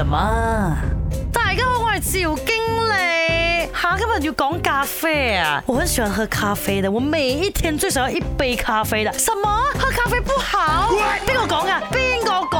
什麼？大家好，我係趙經理。吓，今日要講咖啡啊！我很喜歡喝咖啡的，我每一天最少要一杯咖啡的。什麼？喝咖啡不好？喂，邊個講嘅？邊個講？